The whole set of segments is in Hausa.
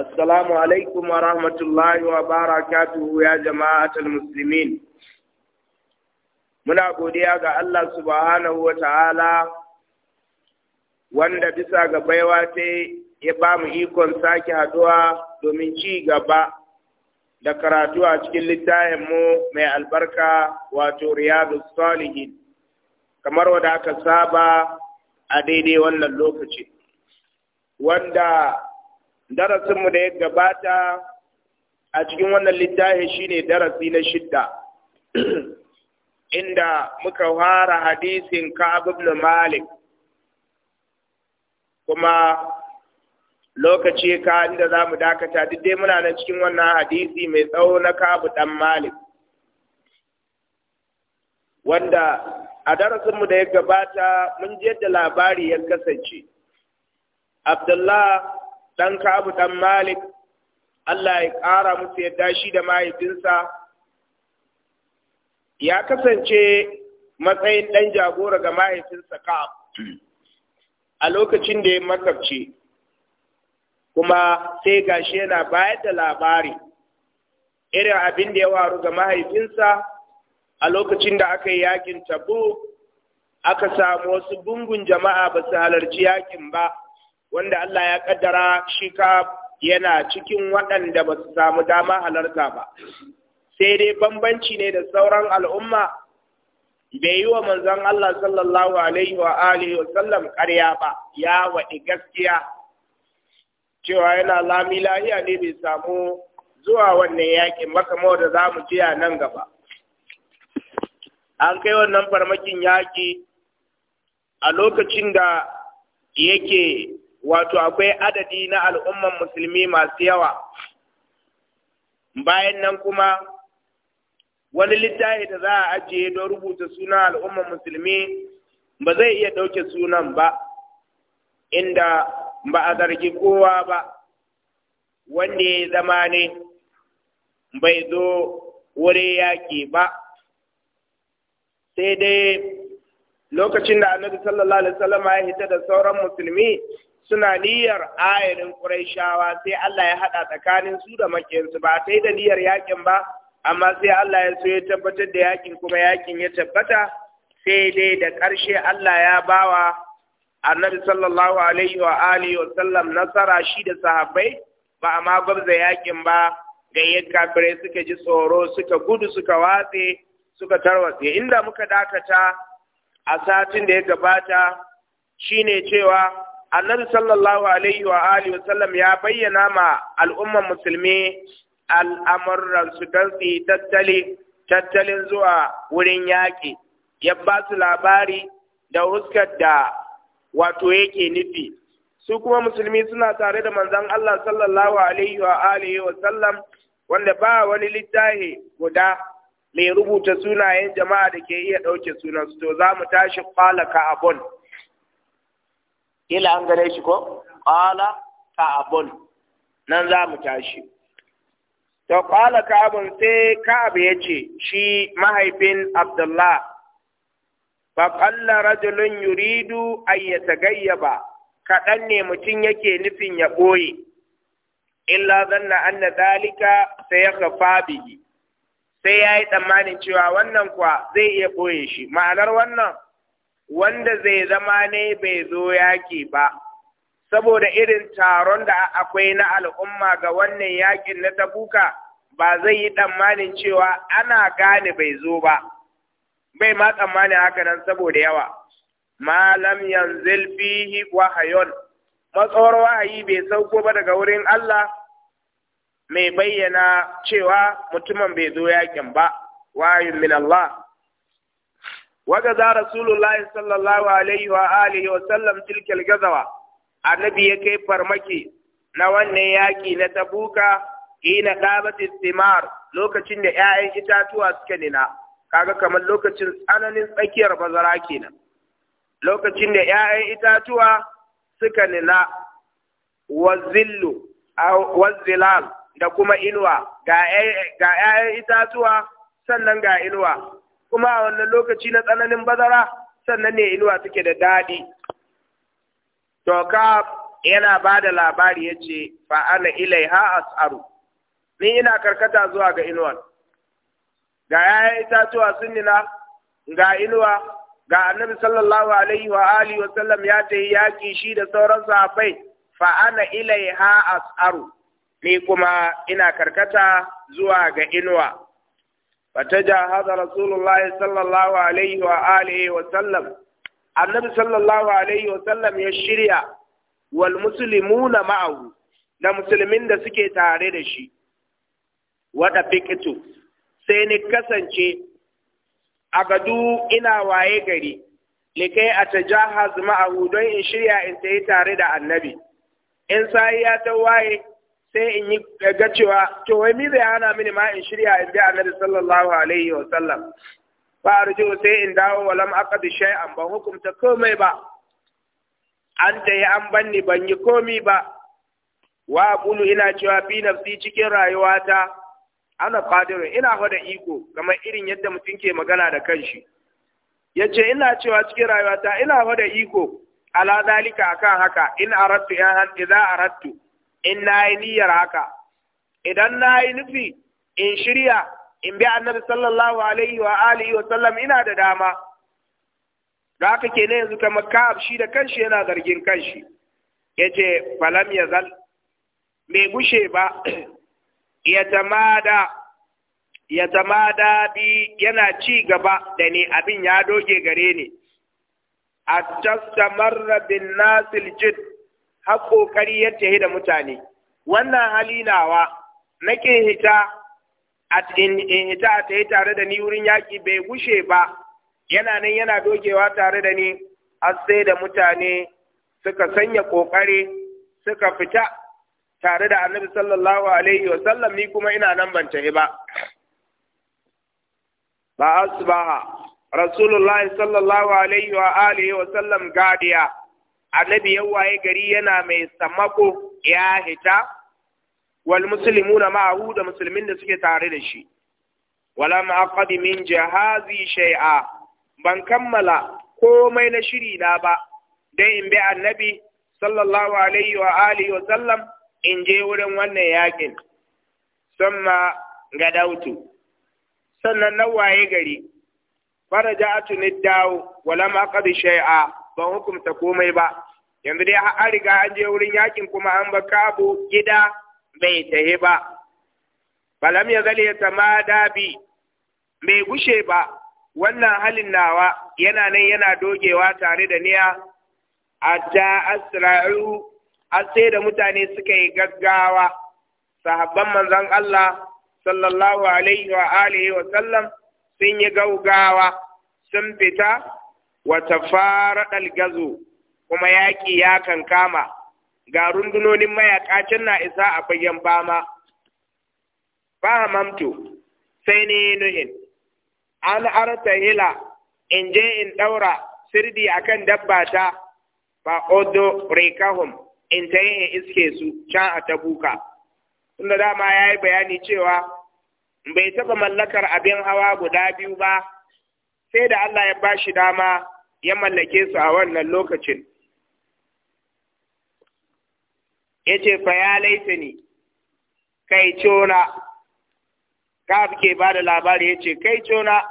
السلام عليكم ورحمة الله وبركاته يا جماعة المسلمين muna godiya ga Allah subhanahu wa ta'ala wanda bisa ga baiwa ta ya ba mu ikon sake haduwa domin ci gaba da karatu a cikin littafinmu mai albarka wato riyadu salihin kamar wadda aka saba a daidai wannan lokaci wanda darasinmu da ya gabata a cikin wannan littafi shine darasi na shidda inda muka fara hadisin Ka'ab ibn Malik kuma lokaci ka inda za mu dakata duk dai muna nan cikin wannan hadisi mai tsawo na Ka'ab dan Malik wanda a darasinmu da ya gabata mun je da labari ya kasance Abdullah ɗan Kabu dan Malik, Allah ya ƙara musu yadda shi da mahaifinsa, ya kasance matsayin ɗan jagora ga mahaifinsa Ka'ab a lokacin da ya makarce, kuma sai gashi yana bayar da labari irin abin da ya waru ga mahaifinsa a lokacin da aka yi yakin tabu aka samu wasu gungun jama'a ba su halarci yakin ba. wanda Allah ya kaddara shi ka yana cikin waɗanda ba su samu dama halarta ba sai dai bambanci ne da sauran al'umma bai yi wa manzon Allah sallallahu alaihi wa Alaihi wa sallam ƙarya ba ya waɗi gaskiya cewa yana lami lahiya ne bai samu zuwa wannan yakin makamau da za mu ji a nan gaba an kai wannan farmakin yaƙi a lokacin da yake wato akwai adadi na al'umman musulmi masu yawa bayan nan kuma wani littafi da za a ajiye don rubuta sunan al'umman musulmi ba zai iya ɗauke sunan ba inda ba a zargi kowa ba wanda ya zama ne bai zo wuri yaƙi ba sai dai lokacin da annabi sallallahu alaihi wasallam ya hita da sauran musulmi suna niyyar ayarin Qurayshawa sai Allah ya haɗa tsakanin su da makiyansu ba sai da niyyar yakin ba amma sai Allah ya so ya tabbatar da yakin kuma yakin ya tabbata sai dai da ƙarshe Allah ya bawa Annabi sallallahu alaihi wa alihi wa sallam nasara shi da sahabbai ba amma gwabza yakin ba gayyen kafirai suka ji tsoro suka gudu suka watse suka tarwatse inda muka dakata a satin da ya gabata shine cewa annabi sallallahu alaihi wa alihi wasallam ya bayyana ma al'ummar musulmi al'amuran su don tattali tattalin zuwa wurin yaƙi ya ba su labari da huskar da wato yake nufi su kuma musulmi suna tare da manzon Allah sallallahu alaihi wa alihi wa wanda ba wani littafi guda mai rubuta sunayen jama'a da ke iya ɗauke sunansu, to za mu tashi kwala ka abun. kila an gane shi ko qala ka'abun nan za mu tashi to qala ka'abun sai ka'ab yace shi mahaifin abdullah fa qalla rajulun yuridu ay yatagayyaba kaɗan ne mutum yake nufin ya ɓoye illa zanna anna dalika sayakhafa bihi sai ya yi tsammanin cewa wannan kuwa zai iya ɓoye shi ma'anar wannan wanda zai zama ne bai zo yaƙi ba saboda irin taron da akwai na al'umma ga wannan yaƙin na tabuka ba zai yi tsammanin cewa ana gane bai zo ba bai ma tsammanin haka nan saboda yawa malam yanzil fihi wahayon matsawar wahayi bai sauko ba daga wurin Allah mai bayyana cewa mutumin bai zo yaƙin ba wahayin min Allah وغزا رسول الله صلى الله عليه وآله وسلم تلك الغزوة النبي يكي فرمكي نوان ياكي نتبوكا حين lokacin الثمار لوكتين itatuwa إتاتوا أسكننا kaga kamar lokacin tsananin tsakiyar bazara kenan lokacin da 'ya'yan itatuwa suka nina wazillu wazilal da kuma inuwa ga 'ya'yan itatuwa sannan ga inuwa kuma a wannan lokaci na tsananin bazara sannan ne inuwa suke da daɗi to ka yana ba da labari ya ce fa'ana ilaiha as'aru ni ina karkata zuwa ga inuwan ga yayan itatuwa sun nina ga inuwa ga annabi sallallahu alaihi wa alihi wa sallam ya ta yaƙi shi da sauran sahabbai fa ana ilaiha as'aru ni kuma ina karkata zuwa ga inuwa فتجاهز رسول الله صلى الله عليه وآله وسلم النبي صلى الله عليه وسلم والمسلمون معه da musulmin da suke tare da shi wada fikitu sai ni kasance a gadu ina waye gari likai a tajahaz ma'ahu don in shirya in tayi tare da annabi in sai ya ta waye sai in yi ga cewa to wai mi zai hana mini ma in shirya in bi annabi sallallahu alaihi wa sallam fa arju sai in dawo walam aqad shay'an ban hukumta komai ba an da ya an banni ban yi komi ba wa Kulu ina cewa bi nafsi cikin rayuwata ana qadiru ina hoda iko kamar irin yadda mutum ke magana da kanshi yace ina cewa cikin rayuwata ina hoda iko ala dalika akan haka in aradtu ya idan aradtu in na yi niyyar haka idan na yi nufi in shirya in bi annabi sallallahu alaihi wa alihi wa sallam ina da dama da haka ke ne yanzu kamar ka'ab shi da kanshi yana zargin kanshi ya ce falam ya zal mai gushe ba ya tamada ya tamada bi yana ci gaba da ni abin ya doge gare ni a tastamarra bin nasil jid har kokari ya ce da mutane wannan hali nawa ke hita in hita a yi tare da ni wurin yaƙi bai gushe ba yana nan yana dogewa tare da ni har sai da mutane suka sanya kokari suka fita tare da annabi sallallahu alaihi wa sallam ni kuma ina nan ban tafi ba ba asbaha rasulullahi sallallahu alaihi wa alihi wa sallam gadiya annabi ya waye gari yana mai samako ya hita wal muslimuna ma'ahu da musulmin da suke tare da shi wala ma'aqadi min jahazi shay'a ban kammala komai na shiri na ba dai in bi annabi sallallahu alaihi wa alihi wa sallam in je wurin wannan yakin summa gadautu sannan na waye gari faraja'atu ni dawo wala ma'aqadi shay'a ban hukumta komai ba yanzu dai an riga an je wurin yakin kuma an ba kabo gida bai tahi ba balam ya zale ya tama bi bai gushe ba wannan halin nawa yana nan yana dogewa tare da niya hatta asra'u har sai da mutane suka yi gaggawa sahabban manzon Allah sallallahu alaihi wa alihi wa sallam sun yi gaugawa sun fita wa tafaradal gazo kuma yaƙi ya kan kama ga rundunonin mayaƙa can na isa a fagen fama fahamamtu sai yi nuhin an hila in je in ɗaura sirdi a kan dabba ta ba odo rekahum in ta yi iske su can a tabuka tunda dama ya yi bayani cewa bai taɓa mallakar abin hawa guda biyu ba sai da Allah ya bashi dama ya mallake su a wannan lokacin ya ce fa ya laifi ni kai cona ka ke ba da labari ya ce kai cona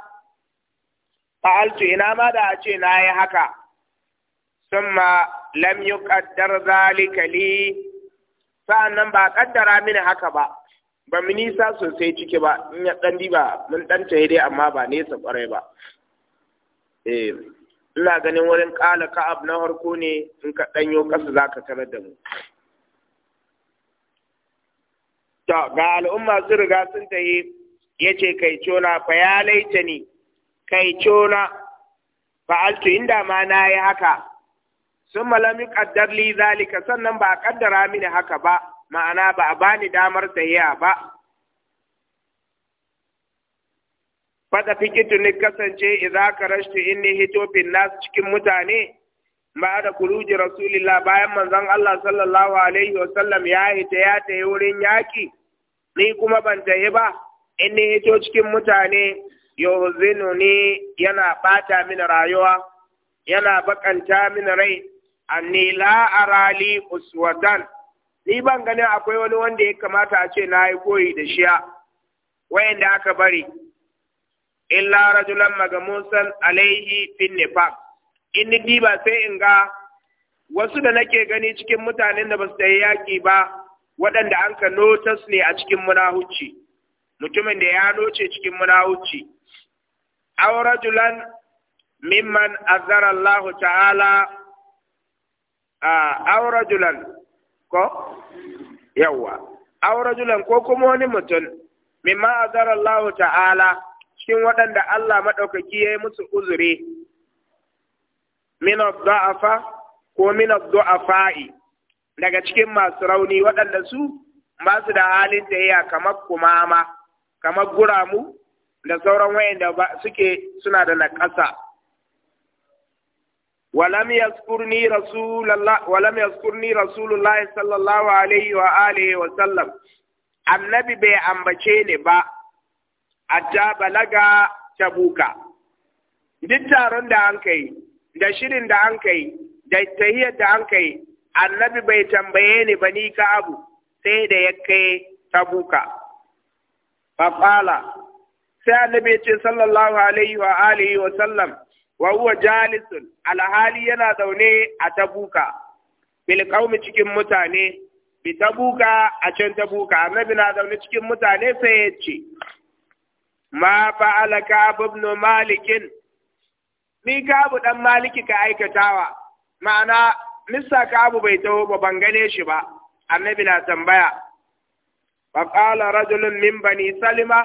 fa'altu ina ma da a ce na yi haka ma lam kaddar zalikali sa'an nan ba a kaddara mini haka ba ba mu nisa sosai ciki ba in ya dan ba mun ta yi dai amma ba nesa kwarai ba eh, ina ganin wurin ƙala ka'ab na harko ne in ka ƙasa za ka tarar da mu To, ga al'umma sun riga sun tahi ya ce, Kai cona, fa ya laita ni, kai cona, fa'altu inda ma na yi haka, sun malami ƙaddar li zalika sannan ba a ƙaddara mini haka ba, ma'ana ba a bani damar tahiya ba. Faɗa fikitu ni kasance, idan ka rashtu in ni hitofin nasu cikin mutane, ba da kuruji rasulillah bayan manzon Allah sallallahu alaihi Sallam ya hita ya ta wurin yaki ni kuma ban tayi ba in ni hito cikin mutane Zinu ni yana bata min rayuwa yana bakanta min rai anni la uswatan ni ban ganin akwai wani wanda ya kamata a ce na yi koyi da shiya wayanda aka bari illa rajulan magamusan alaihi fin nifaq in ni diba sai in ga wasu da nake gani cikin mutanen da ba su yi yaƙi ba waɗanda an ka notas ne a cikin munahuci mutumin da ya noce cikin munahuci aw rajulan mimman azara Allah ta'ala a rajulan ko yawa aw rajulan ko kuma wani mutum mimman azara Allah ta'ala cikin waɗanda Allah maɗaukaki ya yi musu uzuri Min من الضعف ومن الضعفاء daga cikin masu rauni waɗanda su ba su da halin da ya kamar kumama kamar guramu da sauran wayanda da suke suna da naƙasa. na ƙasa walam yaskurni rasulullah sallallahu alaihi wa alihi wa sallam annabi bai ambace ne ba a balaga tabuka duk taron da an kai da shirin da an kai da tahiyar da an kai annabi bai tambaye ni ba ni ka abu sai da ya kai tabuka faqala sai annabi ya ce sallallahu alaihi wa alihi wa sallam wa huwa jalisun alhali yana zaune a tabuka bil qaumi cikin mutane bi tabuka a can tabuka annabi na zaune cikin mutane sai ya ce ma fa'alaka ibn malikin ni kabu dan maliki ka aikatawa ma'ana nissa kabu bai taho ba ban gane shi ba annabi na tambaya fa qala rajulun min bani salima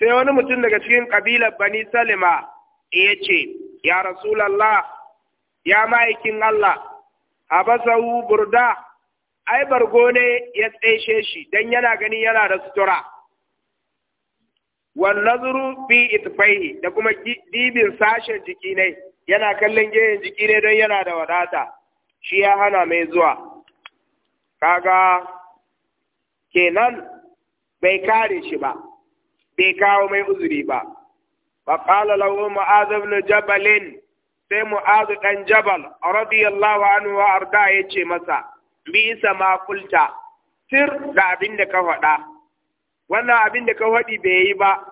sai wani mutum daga cikin kabilar bani salima ya ce ya rasulallah ya ma'aikin Allah habasahu burda ai bargo ya tsaishe shi dan yana gani yana da sutura wan nazru fi da kuma dibin sashen jiki ne yana kallon gehen jiki ne don yana da wadata shi ya hana mai zuwa kaga kenan bai kare shi ba bai kawo mai uzuri ba fa qala lahu mu'adh ibn jabal sai mu'adh dan jabal radiyallahu anhu wa arda yace masa bi isa kulta sir da abin da ka faɗa wannan abin da ka faɗi bai yi ba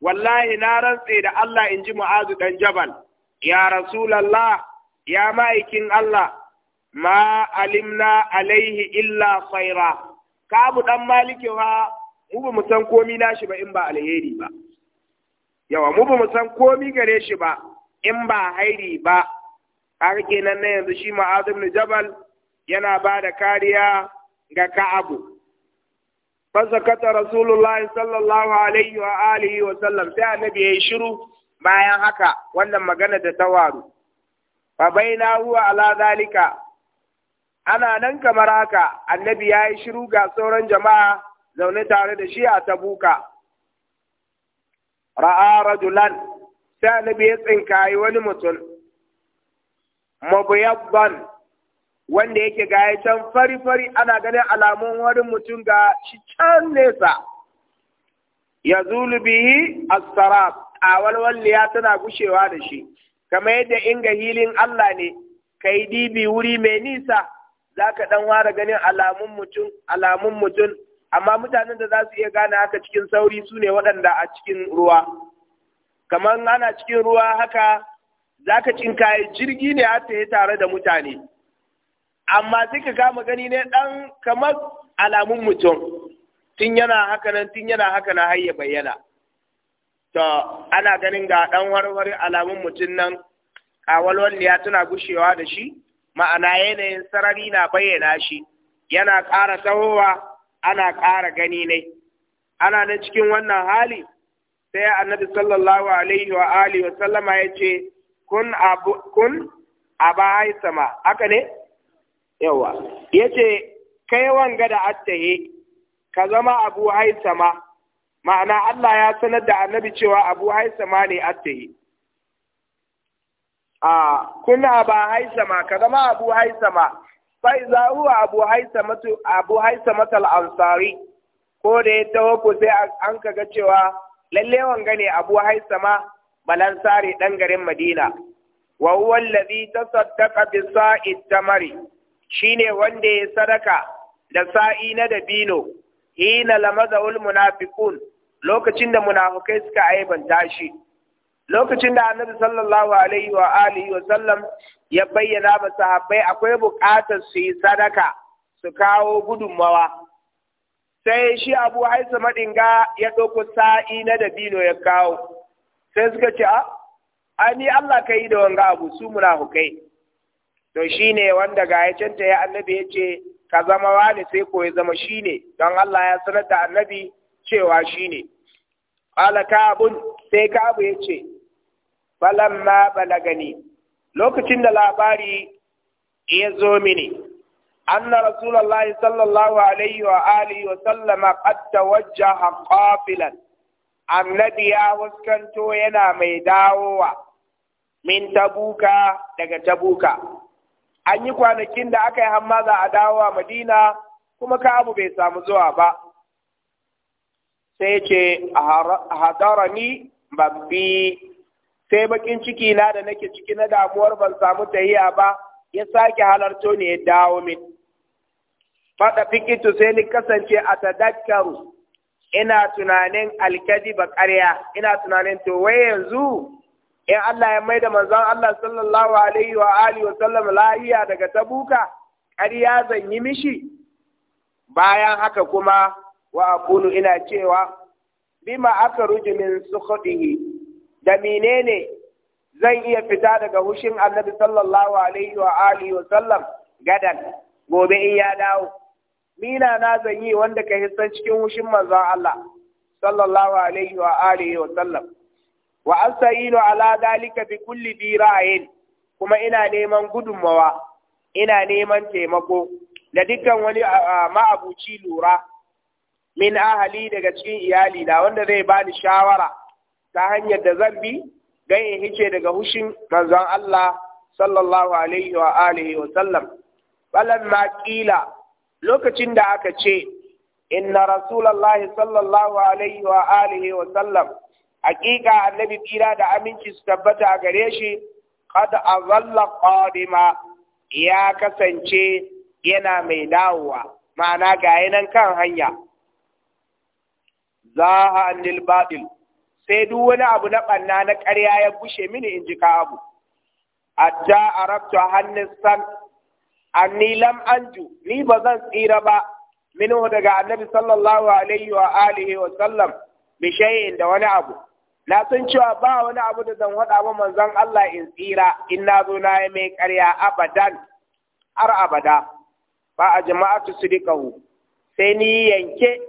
wallahi na rantse da Allah in ji mu'azu ɗan jabal ya rasulallah ya ma'aikin Allah ma alimna alaihi illa khaira ka abu dan maliki ha mu ba mu san komi shi ba in ba alheri ba yawa mu ba mu san komi gare shi ba in ba hairi ba har kenan na yanzu shi ɗan jabal yana ba da kariya ga ka'abu fasakata rasulullahi sallallahu alaihi wa alihi wa sallam sai annabi ya yi shiru bayan haka wannan magana da tawaru fa baina huwa ala ana nan kamar haka annabi ya yi shiru ga sauran jama'a zaune tare da shi a tabuka ra'a rajulan sai annabi ya tsinkayi wani mutum mabuyabban wanda yake gaya can fari-fari ana ganin alamun wani mutum ga shi can nesa ya zulubihi astarab a walwalliya tana gushewa da shi kamar yadda inga hilin Allah ne ka yi dibi wuri mai nisa za ka ɗan ware ganin alamun mutum alamun mutum amma mutanen da za su iya gane haka cikin sauri su ne waɗanda a cikin ruwa kamar ana cikin ruwa haka za ka cinkaye jirgi ne har ta tare da mutane amma sai ka kama gani ne ɗan kamar alamun mutum tun yana haka nan tun yana haka na har bayyana to ana ganin ga ɗan warware alamun mutum nan ya tana gushewa da shi ma'ana yanayin sarari na bayyana shi yana ƙara tsawowa, ana ƙara gani ne ana nan cikin wannan hali sai annabi sallallahu alaihi wa alihi wa sallama ya ce kun abu kun ba haisama haka ne yawa yace kai wanga da attahi ka zama abu haisama ma'ana Allah ya sanar da annabi cewa abu haisama ne attahi a kuna ba haisama ka zama abu haisama Sai za huwa abu haisama abu haisama tal ansari ko da ya taho ku sai an kaga cewa lalle wanga ne abu haisama balansari dan garin Madina wa huwa alladhi tasaddaqa bi sa'id tamari Shi ne wanda ya sadaka da sa'i na dabino hina lamazahul munafikun lokacin da munafukai suka aibanta shi lokacin da annabi sallallahu alaihi wa alihi wa sallam ya bayyana ba sahabbai akwai buƙatar su yi sadaka su kawo gudunmawa sai shi abu haisa maɗinga ya ɗauko sa'i na dabino ya kawo sai suka ce a ah, ni Allah ka yi da wanga abu su munafukai to shine wanda ga ya annabi ya ce ka zama wani sai ko ya zama shine don Allah ya sanar da annabi cewa shine qala kabun sai kabu ya ce falamma balagani lokacin da labari ya zo mini أن رسول الله صلى الله عليه وآله وسلم قد توجه قافلا annabi ya fuskanto yana mai dawowa min tabuka daga tabuka an yi kwanakin da aka yi hammaza a dawowa madina kuma abu bai samu zuwa ba sai ce hadarani babbi sai bakin ciki na da nake ciki na damuwar ban samu tahiya ba ya sake halarto ne ya dawo min fada fikitu sai ni kasance a tadakkaru ina tunanin alkadi ba ina tunanin to wai yanzu in Allah ya mai da manzon Allah sallallahu alaihi wa alihi wa sallam lahiya daga tabuka ƙarya zan yi mishi bayan haka kuma wa aqulu ina cewa bima aka ruji min sukhdihi da menene zan iya fita daga hushin annabi sallallahu alaihi wa alihi wa sallam gadan gobe in ya dawo mina na zan yi wanda ka hissan cikin hushin manzon Allah sallallahu alaihi wa alihi wa sallam wa astainu ala dalika bi kulli bi ra'ayin kuma ina neman gudunmawa ina neman taimako da dukkan wani ma'abuci lura min ahali daga cikin iyali na wanda zai bani shawara ta hanyar da zan bi don in hice daga hushin manzon Allah sallallahu alaihi wa alihi wa sallam balan ma kila lokacin da aka ce inna rasulullahi sallallahu alaihi wa alihi wa sallam hakika annabi tsira da aminci su tabbata a gare shi qad azalla qadima ya kasance yana mai dawowa ma'ana ga 'yanan kan hanya zaha anil batil sai duk wani abu na banna na ƙarya ya bushe mini in ji ka abu hatta arabtu hannis san anni anju ni ba zan tsira ba minhu daga annabi sallallahu alaihi wa alihi wa sallam bi shay'in da wani abu na san cewa ba wani abu da zan faɗa ba manzon Allah in tsira in na zo na yi mai ƙarya abadan har abada ba a jama'atu sidikahu sai ni yanke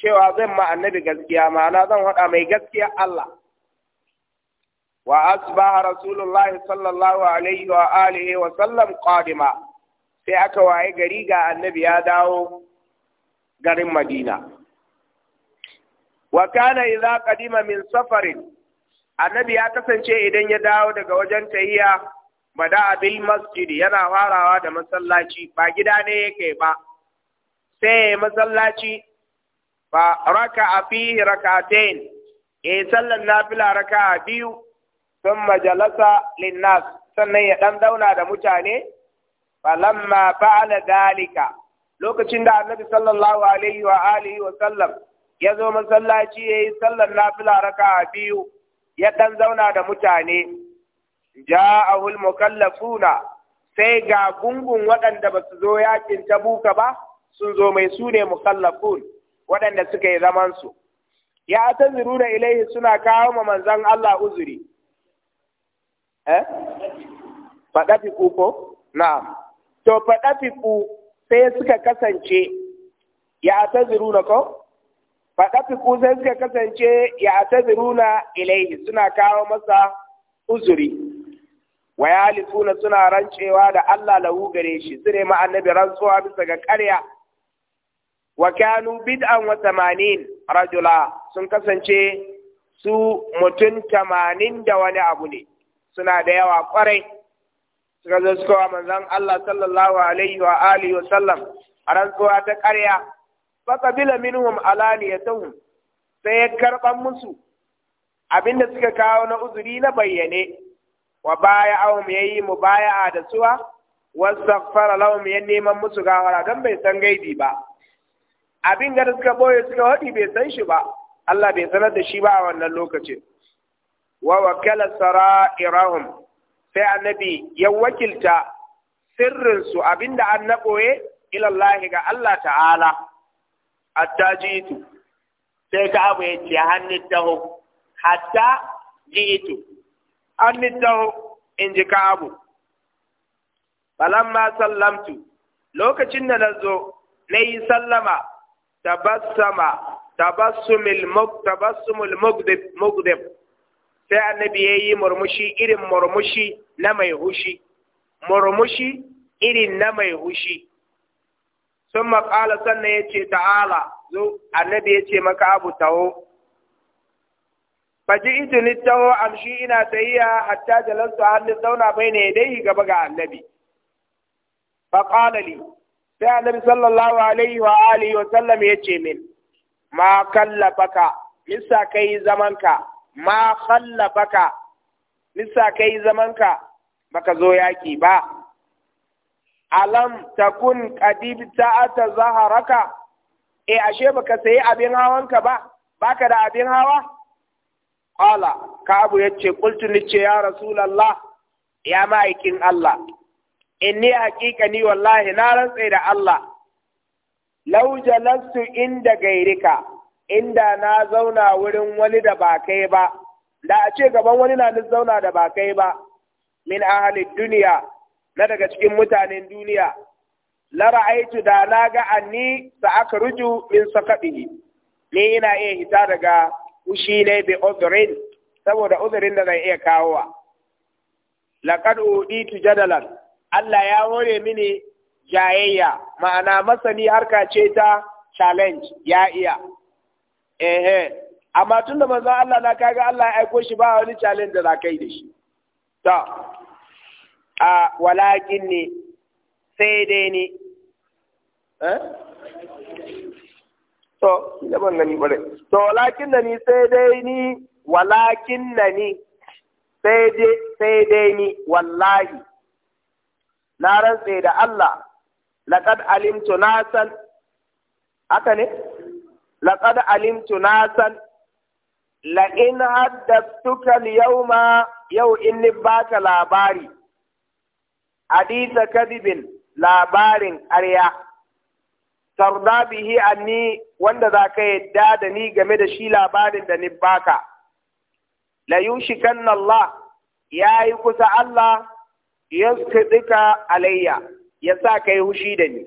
cewa zan ma annabi gaskiya ma'ana zan faɗa mai gaskiya Allah wa asbaha rasulullah sallallahu alaihi wa alihi wa sallam qadima sai aka waye gari ga annabi ya dawo garin Madina wa kana idza qadima min safarin annabi ya kasance idan ya dawo daga wajen tahiya bada bil masjid yana farawa da masallaci ba gida ne yake ba sai masallaci fa raka'a fi rak'atayn e sallan nafila raka'a biyu thumma jalasa linnas sannan ya dan dauna da mutane falamma fa'ala dalika lokacin da annabi sallallahu alaihi wa alihi wa sallam ya zo masallaci ya yi sallar nafila raka biyu ya ɗan zauna da mutane Ja ja'ahul mukallafuna sai ga gungun waɗanda ba su zo yakin tabuka ba sun zo mai su ne mukallafun waɗanda suka yi zamansu ya ta da ilaihi suna kawo ma manzan Allah uzuri eh faɗafi ko na'am to faɗafi sai suka kasance ya ta zirura ko faɗafiku sai suka kasance ya taziruna ilaihi suna kawo masa uzuri wa yalifuna suna rancewa da Allah lahu gare shi su ma annabi rantsuwa bisa ga ƙarya wa kanu bid'an wa tamanin rajula sun kasance su mutum tamanin da wani abu ne suna da yawa kwarai suka zo suka wa manzon Allah sallallahu alaihi wa alihi wa sallam rantsuwa ta ƙarya faqabila minhum alaniyatahum sai ya karɓar musu abinda suka kawo na uzuri na bayyane wa baya ahum yayi mubaya'a da suwa wastaghfara lahum ya neman musu gawara dan bai san gaibi ba abin da suka boye suka wadi bai san shi ba Allah bai sanar da shi ba a wannan lokacin wa wakala sara'irahum sai annabi ya wakilta sirrinsu abinda an na ɓoye ilallahi ga Allah ta'ala hatta jitu sai ka abu ya ce hannun taho hatta jitu hannun taho in ji ka abu falamma sallamtu lokacin da na zo na yi sallama tabassama tabassumul mugdib mugdib sai annabi ya yi murmushi irin murmushi na mai hushi murmushi irin na mai hushi sun maƙala sannan ya ce ta'ala zo annabi ya ce maka abu taho faji ita ni taho amshi ina tahiya hatta jalantu hannu zauna bai ne dai gaba ga annabi faƙala li sai annabi sallallahu alaihi wa alihi wa sallam ya ce min ma ka, nisa kai zamanka ma kallafaka nisa kai zamanka baka zo yaki ba alam takun ta ta'ata zaharaka E ashe baka sayi abin hawanka ba baka da abin hawa qala kabu yace qultu ce ya rasulullah ya ma'aikin Allah inni haqiqani wallahi na rantse da Allah law jalastu inda gairika inda na zauna wurin wani da ba kai ba da a ce gaban wani na zauna da ba kai ba min ahli duniya na daga cikin mutanen duniya la ra'aitu da na ga anni sa aka ruju min sakadihi ni ina iya hita daga ushi ne bi udhrin saboda udhrin da zai iya kawowa laqad uditu jadalan Allah ya hore mini jayayya ma'ana masani harka ce ta challenge ya iya ehe amma tunda manzon Allah na kaga Allah ya aiko shi ba wani challenge da za kai da shi to a walakin ne sai dai ne eh? to kila ban gani bare to walakin da ni sai dai ni walakin na ni sai dai sai dai ni wallahi na rantse da Allah laqad alimtu nasan haka ne laqad alimtu nasan la in haddathtuka al-yawma yau in ni baka labari hadisa kadibin labarin ƙarya tarda bihi anni wanda za ka yadda da ni game da shi labarin da ni baka la yushikanna Allah ya yi kusa Allah yaskidika alayya ya sa ka yi hushi da ni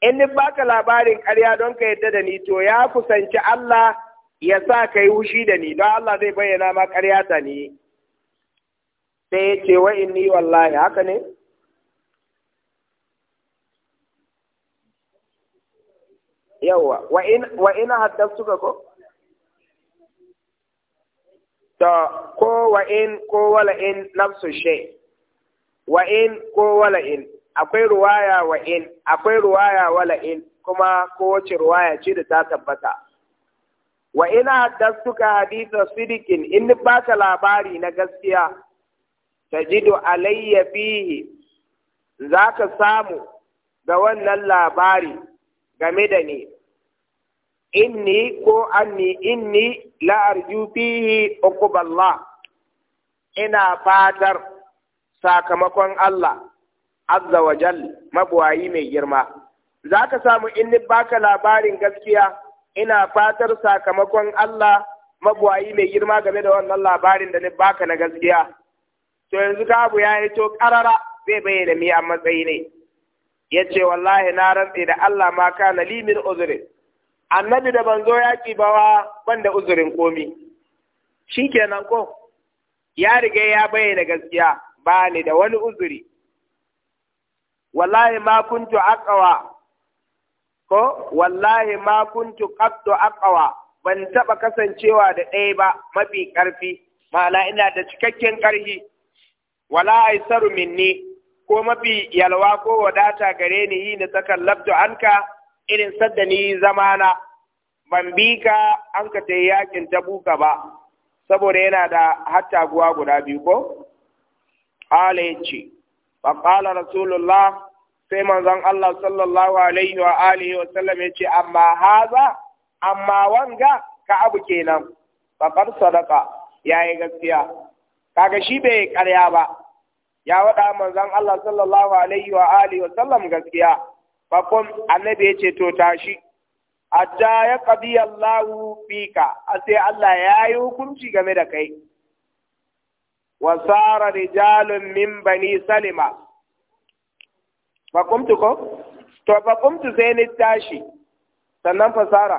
in ni baka labarin ƙarya don ka yadda da ni to ya kusanci Allah ya sa ka yi hushi da ni don Allah zai bayyana ma ƙarya ta ni sai ya ce wa inni wallahi haka ne yawa wa in wa in ko ta ko wa in ko wala in nafsu shay wa in ko wala in akwai ruwaya wa in akwai ruwaya wala in kuma kowace ruwaya ce da ta tabbata wa in ka haditha sidikin in ta labari na gaskiya tajidu alayya fihi zaka samu ga wannan labari game da ni inni ko anni inni la arju fihi uqballah ina fatar sakamakon Allah azza wa jal mabuwayi mai girma zaka samu inni baka labarin gaskiya ina fatar sakamakon Allah mabuwayi mai girma game da wannan labarin da ni baka na gaskiya to yanzu ka abu ya yi to karara zai bayyana ni a matsayi ne ya ce wallahi na rantse da Allah ma ka na min uzuri. annabi da Banzo ya ki bawa banda ban da uzurin komi shikenan ko ya riga ya bayyana gaskiya ba ni da wani uzuri wallahi ma kuntu aqwa ko wallahi ma kuntu qaddu aqwa ban taba kasancewa da ɗaya ba mafi ƙarfi ma'ana ina da cikakken ƙarfi wala aisaru minni ko mafi yalwa ko wadata gare ni yi na an anka irin sadda ni na. ban bi ka an ka ta yakin buka ba saboda yana da hatta guwa guda biyu ko qala yace fa qala rasulullah sai manzon Allah sallallahu alaihi wa alihi wa sallam ce, amma haza amma wanga ka abu kenan sadaka sadaqa yayi gaskiya kaga shi bai karya ba ya waɗa manzan Allah sallallahu alaihi wa alihi wa sallam gaskiya Bakon annabi ya ce to tashi hatta ya qadi Allah fika sai Allah ya yi hukunci game da kai wa sara rijalun min bani salima fakumtu ko to fakumtu sai ni tashi sannan fasara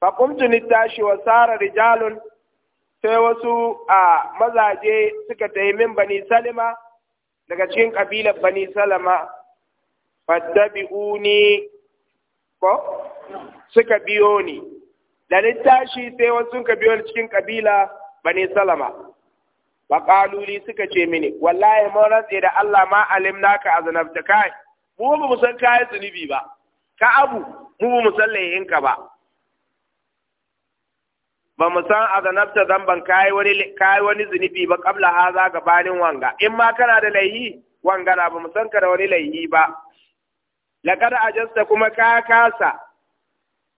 fakumtu ni tashi wa sara rijalun sai wasu a mazaje suka tayi min bani salima daga cikin ƙabila bani salama fattabi'uni ko suka biyo ni da littashi sai wasu ka biyo cikin ƙabila bani salama baƙaluli suka ce mini wallahi mun tsaye da Allah ma alimna ka zanabta kai mu ba mu san zunubi ba ka abu mu ba mu san layinka ba ba mu san a zanabta zamban kayi wani wani zunubi ba kabla haza gabanin wanga in ma kana da laihi wanga na ba mu san ka da wani laihi ba laqad ajasta kuma ka kasa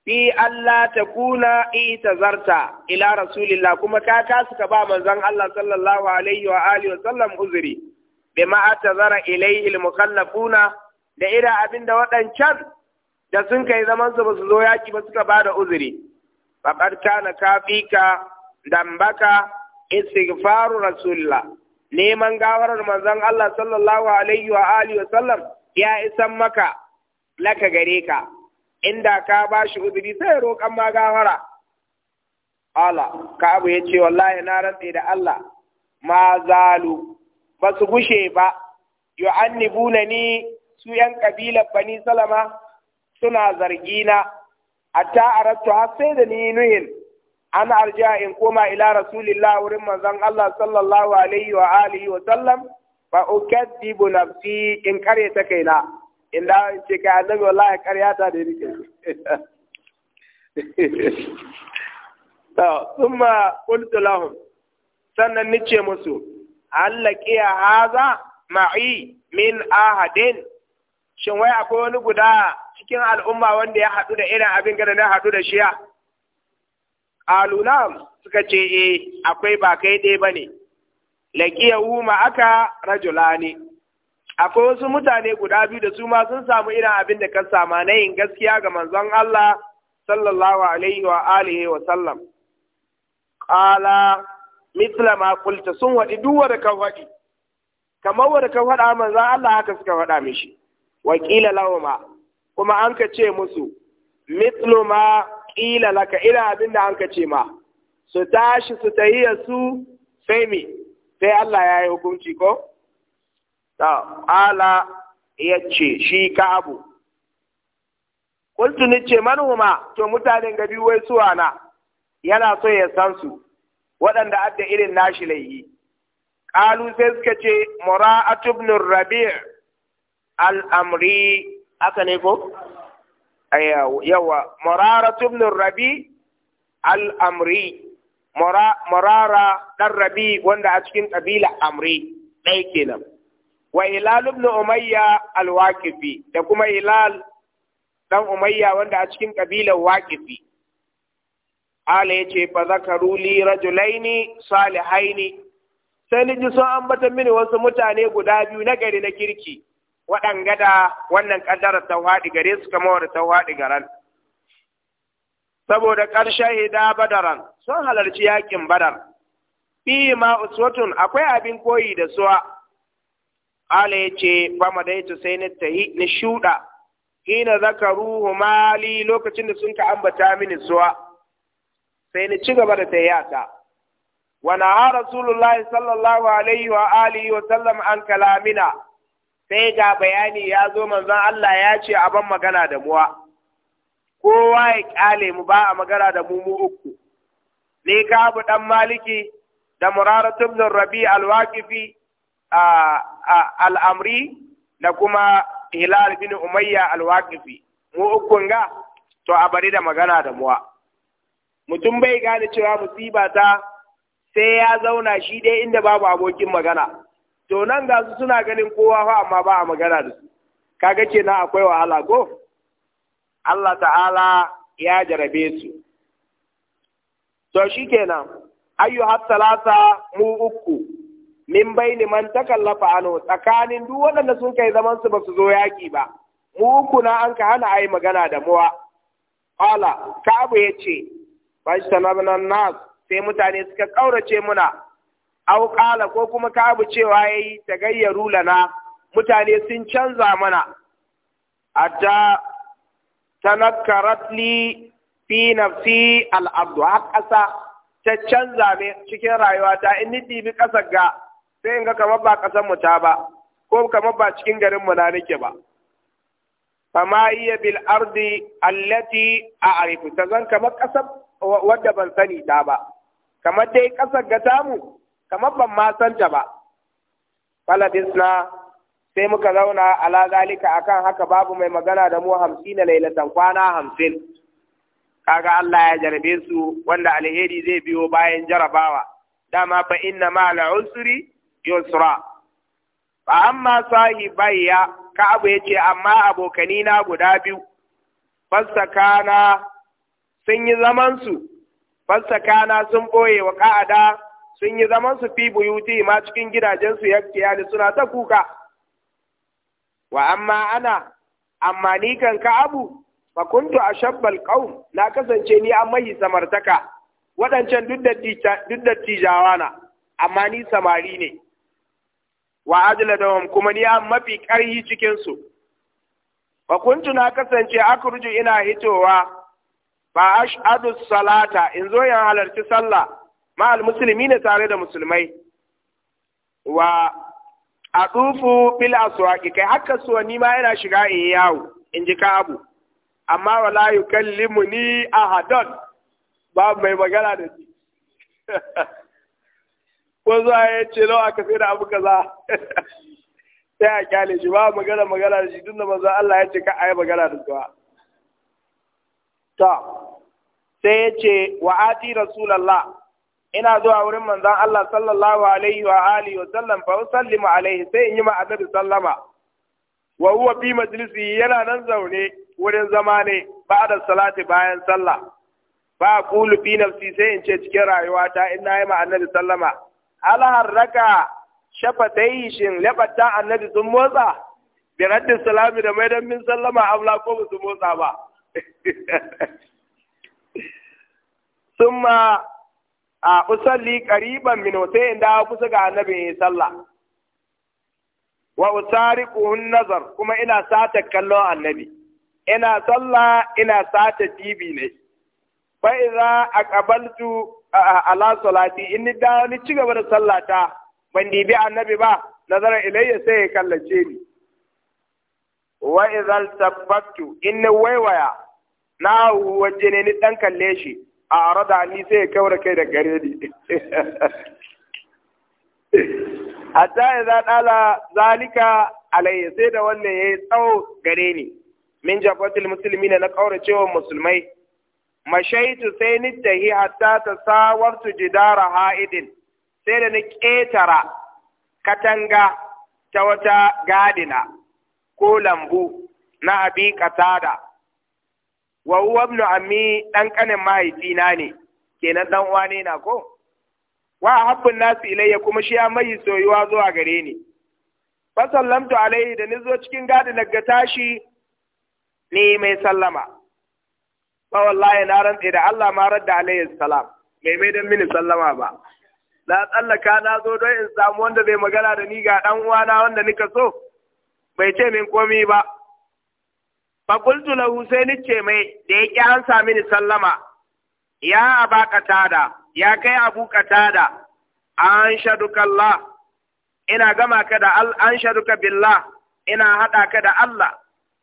fi Allah ta kuna itazarta ila rasulillah kuma ka kasa ka ba manzon Allah sallallahu alaihi wa alihi wa sallam uzuri bima atazara ilaihi da ira abinda waɗancan da sun kai zaman su ba su zo yaki ba suka ba da uzuri faqad kana kafika dambaka istighfaru rasulullah neman gawarar manzon Allah sallallahu alaihi wa alihi wa sallam ya isan maka laka gare ka inda ka bashi uzuri sai roƙan ma gawara ala ka abu yace wallahi na rantse da Allah ma zalu ba su gushe ba yu'annibuna ni su yan kabilar bani salama suna zargina hatta arattu har sai da ni nuhin an arja in koma ila rasulillah wurin manzon Allah sallallahu alaihi wa alihi wa sallam fa ukadibu nafsi in kare ta kaina in da in ce kai annabi wallahi ƙarya ta da nake to thumma qultu lahum sannan nice musu allaqiya haza ma'i min ahadin shin wai akwai wani guda cikin al'umma wanda ya haɗu da irin abin gada na haɗu da shiya Alulam suka ce e akwai ba kai ɗaya ba ne laƙiya huma aka ne. akwai wasu mutane guda biyu da su ma sun samu irin abin da kan sama na yin gaskiya ga manzon Allah sallallahu alaihi wa alihi wa sallam Ƙala mitla ma kulta sun waɗi duwar waɗi kamar wadda ka faɗa manzon Allah haka suka faɗa mishi wakila ma, kuma an ka ce musu mitlu ma ƙila laka ila abin da an ka ce ma su tashi su tahiyya su sai mi sai Allah ya yi hukunci ko ta ala ya ce shi ka abu kultu ni ce manoma to mutanen gabi wai suwa na yana so ya san su waɗanda adda irin nashi laihi ƙalu sai suka ce mura'atu ibn rabi' al-amri haka ne ko yawa murara ibn rabi al'amri. morara murara rabi wanda a cikin ƙabila amri ɗaya kenan wa ilal ibn umayya al-waqifi da kuma ilal, ɗan umayya wanda a cikin kabilar waqifi ala yace fa zakaru li rajulaini salihaini sai ni ji sun ambata mini wasu mutane guda biyu na gari na kirki waɗanga da wannan ƙaddarar tawhaɗi gare su kama wadda tawhaɗi garan. Saboda ƙarshen hida badaran sun halarci yaƙin badar. Fi ma uswatun akwai abin koyi da suwa. Ala ya ce ba ta sai ni tahi ni shuɗa. zaka ruhu, mali lokacin da sun ka ambata mini suwa. Sai ni ci gaba da tayyata. Wa na rasulullahi sallallahu alaihi wa alihi wa sallam an kalamina. sai ga bayani ya zo manzon Allah ya ce a ban magana da muwa kowa ya ƙyale mu ba a magana da mu mu uku ne abu dan maliki da muraratu ibn rabi alwakifi a al'amri da kuma hilal bin umayya alwakifi, mu ukun ga to a bari da magana da muwa mutum bai gane cewa musiba ta sai ya zauna shi dai inda babu abokin magana to nan ga su suna ganin kowa fa amma ba a magana da su kaga kenan akwai wahala go? Allah ta'ala ya jarabe su to shikenan ayyu hasalasa mu uku min baini man takallafa ano tsakanin duk waɗanda sun kai zaman su ba su zo yaki ba mu uku na an ka hana ayi magana da muwa qala abu yace nan nas sai mutane suka kaurace muna aw ko kuma kabu cewa ya yayi tagayyaru lana mutane sun canza mana A ta tanakaratli fi nafsi al'abdu har ƙasa ta canza ne cikin rayuwata in ni bi ƙasar ga sai in ga kamar ba ƙasar mu ta ba ko kamar ba cikin garin mu na nake ba fama iya bil ardi allati a'rifu ta zan kamar ƙasar wadda ban sani ta ba kamar dai ƙasar ga tamu kamar ban ma san ta ba na, sai muka zauna ala zalika akan haka babu mai magana da mu hamsin na lailatan kwana hamsin kaga Allah ya jarabe su wanda alheri zai biyo bayan jarabawa dama fa inna ma la usri yusra fa amma sahibayya ka abu yace amma abokani na guda biyu fasakana sun yi zaman su fasakana sun boye wa ka'ada sun yi zaman su fi buyuti ma cikin gidajen su ya kiyali suna ta kuka wa amma ana amma ni kan ka abu fa kuntu ashabbal qaum na kasance ni an mai samartaka waɗancan duk dattijawa na amma ni samari ne wa ajla da kuma ni an mafi ƙarhi cikin su fa kuntu na kasance akruju ina hitowa ba ashadu salata in zo in halarci sallah ma'al musulmi ne tare da musulmai wa a tsufu bil aswaqi kai haka ni ma yana shiga in yawo in ji abu. amma wala ni ahadon babu mai magana da shi ko zuwa ya ce lo aka sai da abu kaza sai a kyale shi ba magana magana da shi tunda manzo Allah ya ce ka ai magana da zuwa to sai ya ce wa ati rasulullah ina zuwa wurin manzon Allah sallallahu alaihi wa alihi wa sallam fa usallimu alaihi sai in yi ma sallama wa huwa fi majlisi yana nan zaune wurin zama ne da salati bayan sallah ba kulu fi nafsi sai in ce cikin rayuwata in na yi ma annabi sallama ala harraka shafatai shin labata annabi sun motsa bi raddi salami da maidan min sallama abla ko ba su motsa ba a usalli qariban min sai in dawo kusa ga annabi sallah wa an nazar kuma ina sata kallon annabi ina sallah ina sata tv ne fa idza aqbaltu ala salati in ni ni ci gaba da sallata ban dibi annabi ba nazar ilayya sai ya kallace ni wa idza tabattu in waywaya na waje ne ni dan kalle shi a arada ni sai ya kaura kai da gare ni hatta ya za dala zalika alayya sai da wannan yayi tsawo gare ni min Musulmi muslimina na kaura cewa musulmai mashaitu sai ni tahi hatta ta sawartu jidara ha'idin sai da ni ketara katanga ta wata gadina ko lambu na abi katada wa huwa ibn ammi dan kanin mahaifina ne kenan dan ne, na ko wa habbun nasu ilayya kuma shi ya mai soyuwa zuwa gare ni fa sallamtu alaihi da nizo cikin gadi daga tashi ni mai sallama fa wallahi na rantse da Allah ma radda alaihi salam mai mai dan mini sallama ba na tsallaka na zo don in samu wanda zai magana da ni ga dan uwana wanda nika so bai ce min komi ba faƙultu lahu ce mai da ya ƙi an sami ni sallama ya aba katada ya kai abu katada an Allah ina gama ka da al an shaduka billah ina haɗa ka da Allah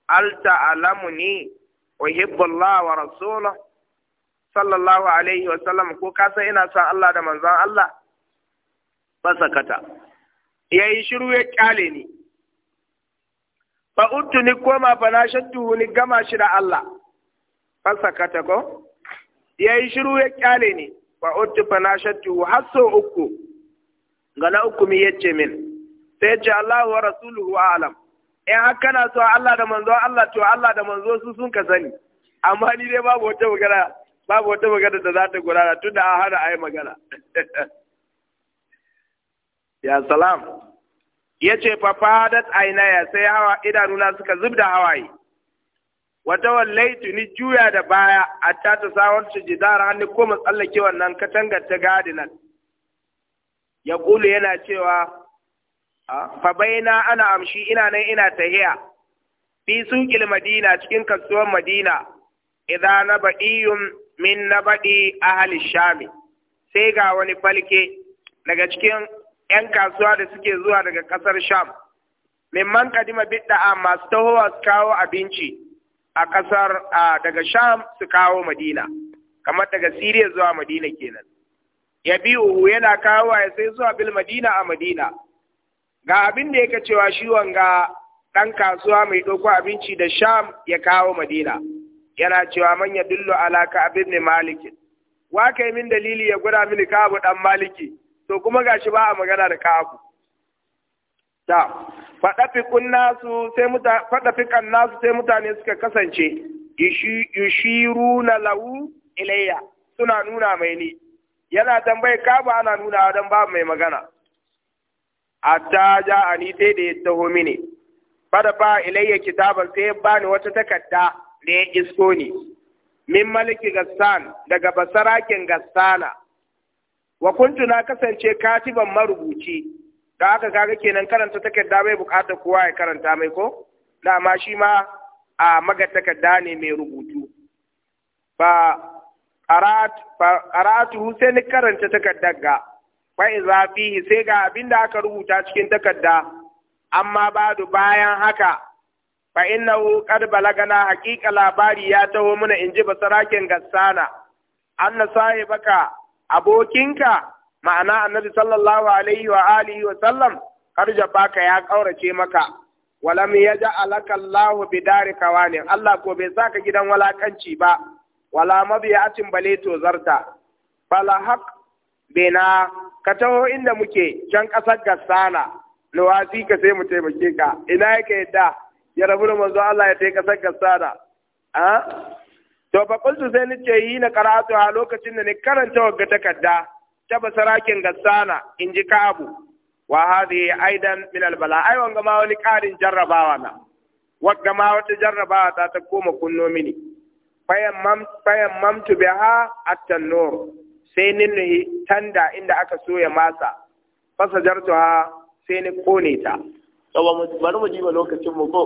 al ta'lamuni uhibbu wa rasulahu sallallahu alaihi wa ko ka san ina son Allah da manzon Allah fasakata yayi shiru ya kyale ne. fa uttu ni koma fa na shaddu ni gama shi da Allah fasakata ko yi shiru ya kyale ni fa uttu fa na shaddu har uku Gana na uku mi yace min sai ce Allah wa rasuluhu alam in har kana so Allah da manzo Allah to Allah da manzo su sun ka sani amma ni dai babu wata magana babu wata magana da za ta gudana tunda an hana a yi magana ya salam ya ce fafadat ainaya sai hawa idanuna suka zub da hawaye wata wallaitu ni juya da baya a ta ta sawar su jidar hannu ko tsallake wannan katangar ta gadinan ya kulu yana cewa fa baina ana amshi ina nan ina tahiya fi suqil madina cikin kasuwar madina idan na ba'iyun min na baɗi ahli shami sai ga wani falke daga cikin 'yan kasuwa da suke zuwa daga ƙasar Sham, mimman kadima bid'a masu tahowa su kawo abinci a ƙasar daga Sham su kawo Madina, kamar daga Siriya zuwa Madina kenan. Ya biyu yana kawo ya sai zuwa bil Madina a Madina. Ga abin da yake cewa shi wanga ɗan kasuwa mai ɗauko abinci da Sham ya kawo Madina. Yana cewa manya dullo alaka abin ne maliki Wa kai min dalili ya gwada mini kabu ɗan maliki. to kuma gashi ba a magana da kafu ta faɗafiƙan nasu sai mutane suka kasance na lahu ilayya suna nuna mai ni yana tambaye ba ana nuna don ba mai magana hatta ja ani sai da ya taho mini fada ba ilayya kitaban sai ya bani wata takarda da ya isko ni min maliki gassan daga basarakin gassana wa kuntu na kasance katiban marubuci da aka kaga kenan karanta takarda bai bukatar kowa ya karanta mai ko ma shi ma a maga takarda ne mai rubutu fa qara'atu sai ni karanta takardar ga fa iza fihi sai ga abinda aka rubuta cikin takarda amma badu bayan haka fa innahu qad balagana haqiqa labari ya taho mana inji gasana. gassana anna sahibaka abokinka ma'ana annabi sallallahu alaihi wa alihi wa sallam karja baka ya kaurace maka walam yaj'alaka Allahu dari kawani? Allah ko bai saka gidan walakanci ba wala mabiyatin bale to zarta bala haq bina ka taho inda muke can kasar Gassana nuwasi ka sai mu taimake ka ina yake yadda ya rabu da manzo Allah ya tai kasar Gassana a ah? to fa qultu sai ni ce yi na qara'atu a lokacin da ne karanta wagga takarda ta basarakin gassana in ji ka abu wa hadhihi aidan min albala ai wanga ma wani karin jarrabawa na wagga ma wata jarrabawa ta ta koma kunno mini mam tu biha at-tanur sai ni tanda inda aka soya masa fasajartuha sai ni kone ta to bari mu ji lokacin mu ko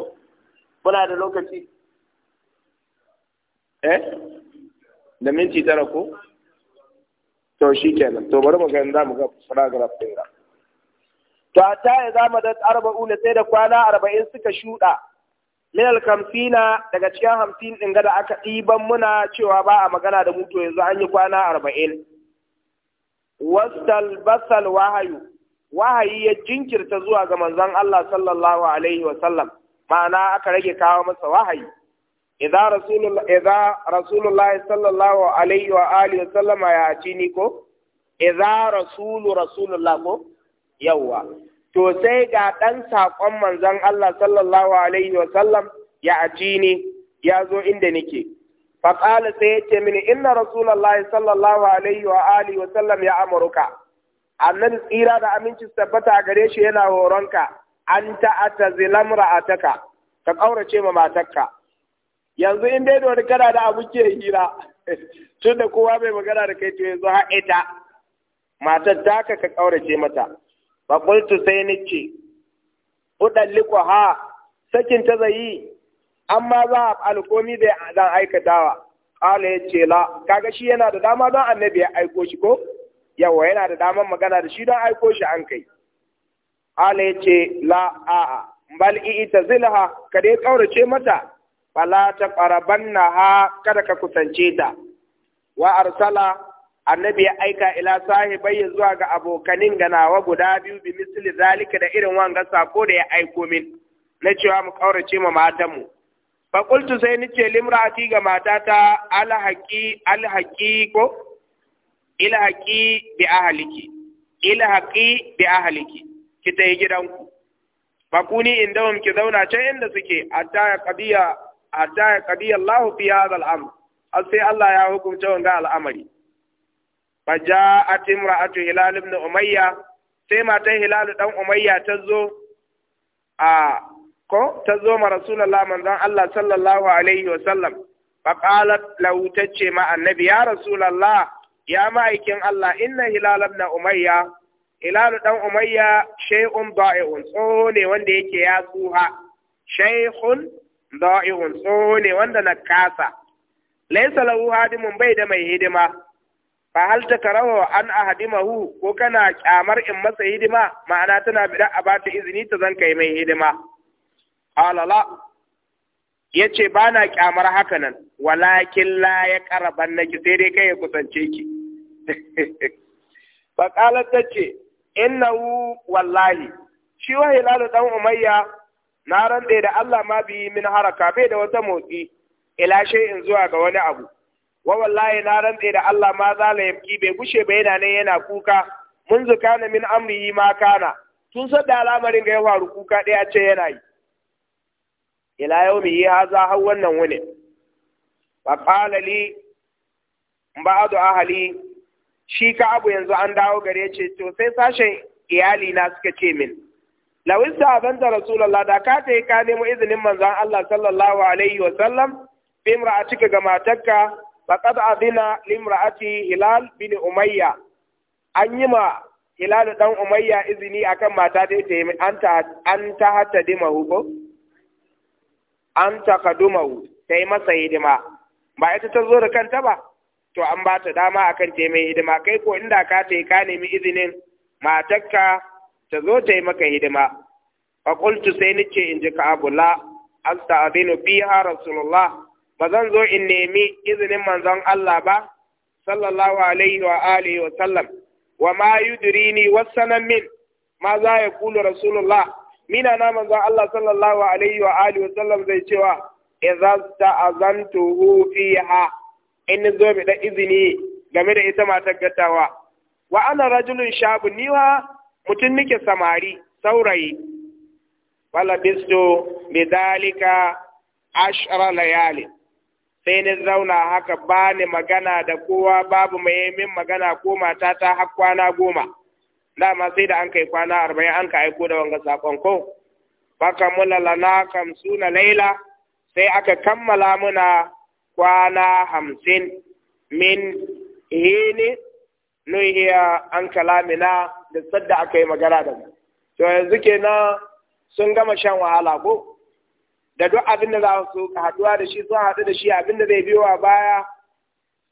muna da lokaci eh da minti tara ko to shi kenan to bari mu ga za mu ga paragraph din ga to ta ya zama da ne, sai da kwana arba'in suka shuɗa min Kamfina, daga cikin hamsin ɗin ga da aka diban muna cewa ba a magana da mutu yanzu an yi kwana arba'in wasdal basal wahayu wahayi ya jinkirta zuwa ga manzon Allah sallallahu alaihi wa sallam ma'ana aka rage kawo masa wahayi idza rasulullah idza rasulullah sallallahu alaihi wa alihi wasallama ya ni ko idza rasulu rasulullah ko yawa to sai ga dan sakon manzon Allah sallallahu alaihi wa sallam ya ni ya zo inda nake fa qala sai yace mini inna rasulullah sallallahu alaihi wa alihi wa sallam ya amuruka annabi tsira da aminci tabbata gare shi yana horonka an ta'ata zilamra ataka ka kaurace ma matarka yanzu in dai da kana da abu ke hira tun da kowa bai magana da kai to yanzu ha ita matar ta ka kaurace mata ba kultu sai nace udalliku ha sakin ta zayi amma za a alkomi da zan aikatawa qala yace la kaga shi yana da dama don annabi ya aiko shi ko yawa yana da daman magana da shi don aiko shi an kai qala yace la a'a bal i'tazilha ka dai kaurace mata fala ta qarabanna ha kada ka kusance ta wa arsala annabi ya aika ila sahibai zuwa ga abokanin ganawa guda biyu bi misli zalika da irin wanga sako da ya aiko min na cewa mu ƙaurace ma matanmu fa qultu sai ni ce limra'ati ga matata alhaqi alhaqi ko ilhaqi bi ahliki ilhaqi bi ahliki ki tayi gidanku ba kuni indawum ki zauna can inda suke hatta qadiya hatta ya qadi Allah fi hadha al-amr Allah ya hukunta wanga al'amari faja'at imra'atu hilal ibn umayya sai matan hilal dan umayya ta zo a ko ta ma rasulullah manzon Allah sallallahu alaihi wa sallam fa qalat tace ma annabi ya rasulullah ya ma'aikin Allah inna hilal ibn umayya hilal dan umayya shay'un da'i'un tsoho ne wanda yake ya tsuha shaykhun da'ihun tsoho ne wanda na kasa laisa lahu hadimun bai da mai hidima fa hal takarahu an ahdimahu ko kana kyamar in masa hidima ma'ana tana bida a bata izini ta zan kai mai hidima ala la yace bana kyamar haka nan walakin la ya karaban naki sai dai kai ya kusance ki fa qalat tace innahu wallahi shi wa hilalu dan umayya na ran rantse da Allah ma bi min haraka bai da wata motsi ila in zuwa ga wani abu wa wallahi na ran rantse da Allah ma zala yabki bai gushe ba yana nan yana kuka mun na min amri ma kana tun da al'amarin ga ya faru kuka ɗaya ce yana yi ila yaumi haza har wannan wuni fa qala li ba'du ahli shi ka abu yanzu an dawo gare ce to sai sashen iyali na suka ce min lawis da rasulullah da ka ta yi ka nemo izinin manzon Allah sallallahu alaihi wa sallam bi imra'atika ga matarka faqad adina limra'ati hilal bin umayya an yi ma hilal dan umayya izini akan mata ta yi an ta an ta hatta an ta yi masa hidima ba ita ta zo da kanta ba to an ba ta dama akan ta mai hidima kai ko inda ka ta yi ka nemi izinin matarka ta zo ta yi maka hidima fa qultu sai nace in ji abu la asta'dinu biha rasulullah ba zan zo in nemi izinin manzon Allah ba sallallahu alaihi wa alihi wa sallam wa ma yudrini wasanan min ma za ya kula rasulullah mina na manzon Allah sallallahu alaihi wa alihi wa sallam zai cewa idza ta'azantuhu fiha in zo mi da izini game da ita matar gattawa wa ana rajulun shabu niwa mutum nike samari saurayi wala bisto bi dalika ashra layali sai ni zauna haka ba ni magana da kowa babu mai min magana ko mata ta har kwana goma dama sai da an kai kwana arba'in an ka aiko da wanga sakon ko baka mula lana na, laila sai aka kammala muna kwana hamsin min hini nuhiya an kalamina da sadda aka yi magana da to yanzu kenan sun gama shan wahala ko da duk abin da za su haɗuwa da shi sun haɗu da shi abin da zai biyo a baya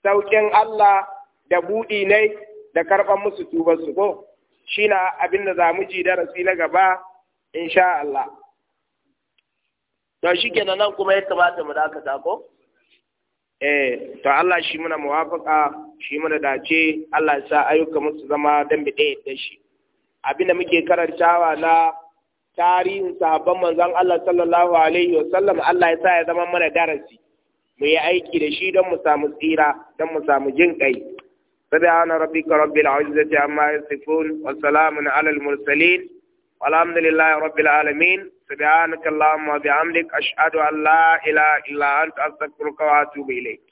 sauƙin Allah da buɗi ne da karɓar musu su ko shi na abin da za mu ji darasi na gaba insha Allah. To shi kenan nan kuma ya kamata mu dakata ko? Eh, to Allah shi muna muwafaka shi mana dace Allah ya sa ayyuka musu zama dambe ɗaya da shi abinda muke karantawa na tarihin sahabban manzon Allah sallallahu alaihi wa sallam Allah ya sa ya zama mana darasi mu yi aiki da shi don mu samu tsira don mu samu jin kai سبحان ربك رب العزة عما يصفون وسلام على المرسلين والحمد لله رب العالمين سبحانك اللهم وبحمدك أشهد أن لا إله إلا أنت أستغفرك وأتوب إليك